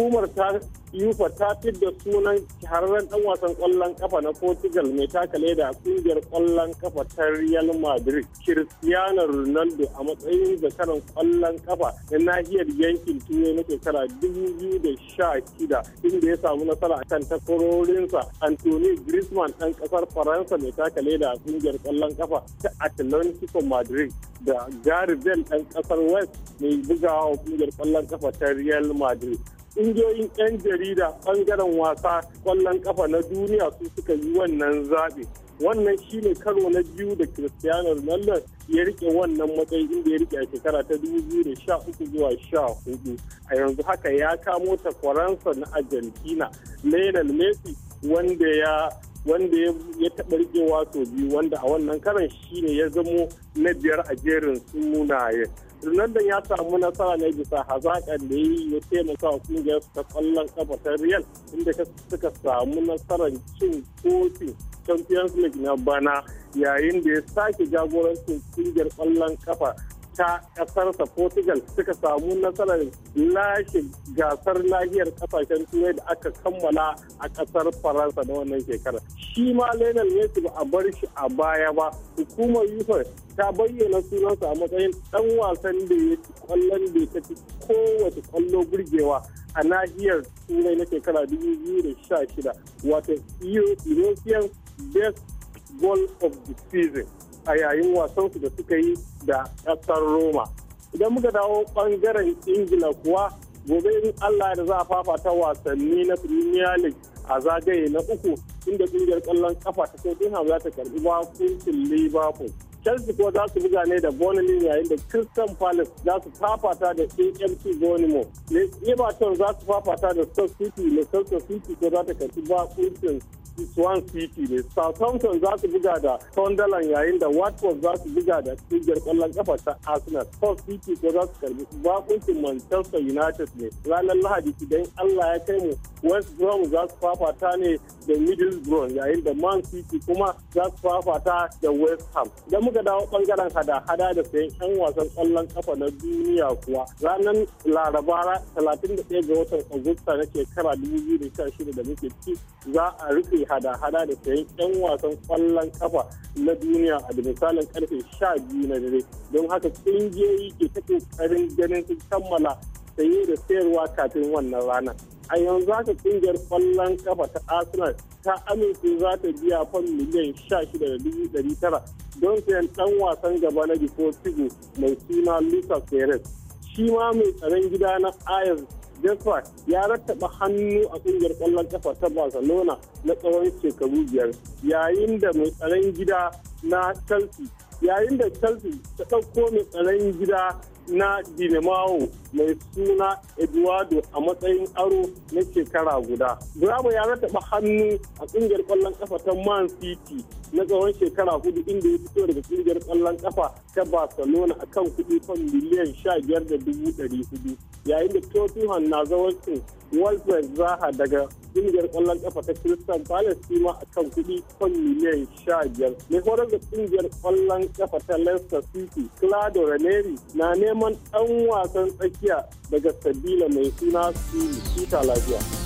hukumar ta yufa ta fi da sunan shahararren dan wasan kwallon kafa na portugal mai takale da a kungiyar kwallon kafa ta real madrid cristiano ronaldo a matsayin zakaran kwallon kafa na nahiyar yankin turai na shekara 2016 inda ya samu nasara a kan takwarorinsa anthony griezmann dan kasar faransa mai takale da a kungiyar kwallon kafa ta atlantico madrid da gary bell dan kasar west mai bugawa kungiyar kwallon kafa ta real madrid ƙungiyoyin 'yan jarida ɓangaren wasa ƙwallon ƙafa na duniya su suka yi wannan zaɓe wannan shine karo na biyu da cristiano ronaldo ya rike wannan matsayi inda ya rike a shekara ta 2013 zuwa 14 a yanzu haka ya kamo takwaransa na argentina lionel messi wanda ya wanda ya taɓa rike wato biyu wanda a wannan karan shine ya zamo na biyar a jerin sunaye Ronaldo ya samu nasara ne bisa hazaƙar da yi ya taimaka wa kungiyar ta ƙwallon ƙafa ta Real inda suka samu nasarar cin kofi Champions League na bana yayin da ya sake jagorancin kungiyar ƙwallon ƙafa ta ƙasarsa Portugal suka samu nasarar lashe gasar lahiyar kasashen turai da aka kammala a ƙasar Faransa na wannan shekarar. Shi ma Lionel Messi ba a bar shi a baya ba. Hukumar UEFA ta bayyana sunansa a matsayin dan wasan da ya ci kwallon da ya ci kowace kwallo burgewa a nahiyar turai na shekara 2016 wato European Best Goal of the Season. a yayin wasan su da suka yi da ƙasar Roma. Idan muka dawo ɓangaren Ingila kuwa gobe in Allah da za a fafata wasanni na Premier League a zagaye na uku inda kungiyar kallon kafa ta Tottenham za ta karɓi bakuncin Liverpool. Chelsea kuwa za su buga ne da bonnie yayin da Crystal Palace za su fafata da AFC Bournemouth. Everton za su fafata da Stoke City, stoke City ko za ta ba bakuncin Swan City ne. Southampton za su buga da Sunderland yayin da Watford za su buga da ƙungiyar ƙwallon kafa ta Arsenal. Stoke City ko za su karbi bakuncin Manchester United ne. Ranar Lahadi idan Allah ya kai mu West Brom za su fafata ne da Middlesbrough yayin da Man City kuma za su fafata da West Ham. Da muka dawo bangaren hada-hada da sayan 'yan wasan kwallon kafa na duniya kuwa ranar Laraba 31 ga watan Agusta na shekara 2016 da muke ci za a rufe hada-hada da sayan 'yan wasan ƙwallon kafa na duniya a da misalin karfe 12 na dare don haka ƙungiyoyi ke ta karin ganin su kammala saye da sayarwa kafin wannan ranar. a yanzu haka kungiyar kwallon kafa ta arsenal ta amince za ta biya fan miliyan 16,900 don sayan dan wasan gaba na deportivo mai suna lucas perez shi ma mai tsaron gida na ayers Jasper ya rattaba hannu a kungiyar kwallon kafa ta Barcelona na tsawon shekaru biyar yayin da mai tsaron gida na Chelsea yayin da Chelsea ta ɗauko mai tsaron gida na Dinamo mai suna eduardo a matsayin aro na shekara guda bravo ya rataba hannu a kungiyar kwallon ƙafa ta man city na tsawon shekara hudu inda ya fito daga kungiyar kwallon ƙafa ta barcelona a kan kuɗi kan miliyan sha biyar da dubu ɗari hudu yayin da tottenham na zawancin walfred zaha daga kungiyar kwallon kafa ta Crystal Palace shi ma kan kuɗi kan miliyan sha biyar. Mai horar da kungiyar kwallon kafa ta Leicester City, Claudio Ranieri na neman ɗan wasan tsaki tafiya daga sabila mai suna su lafiya.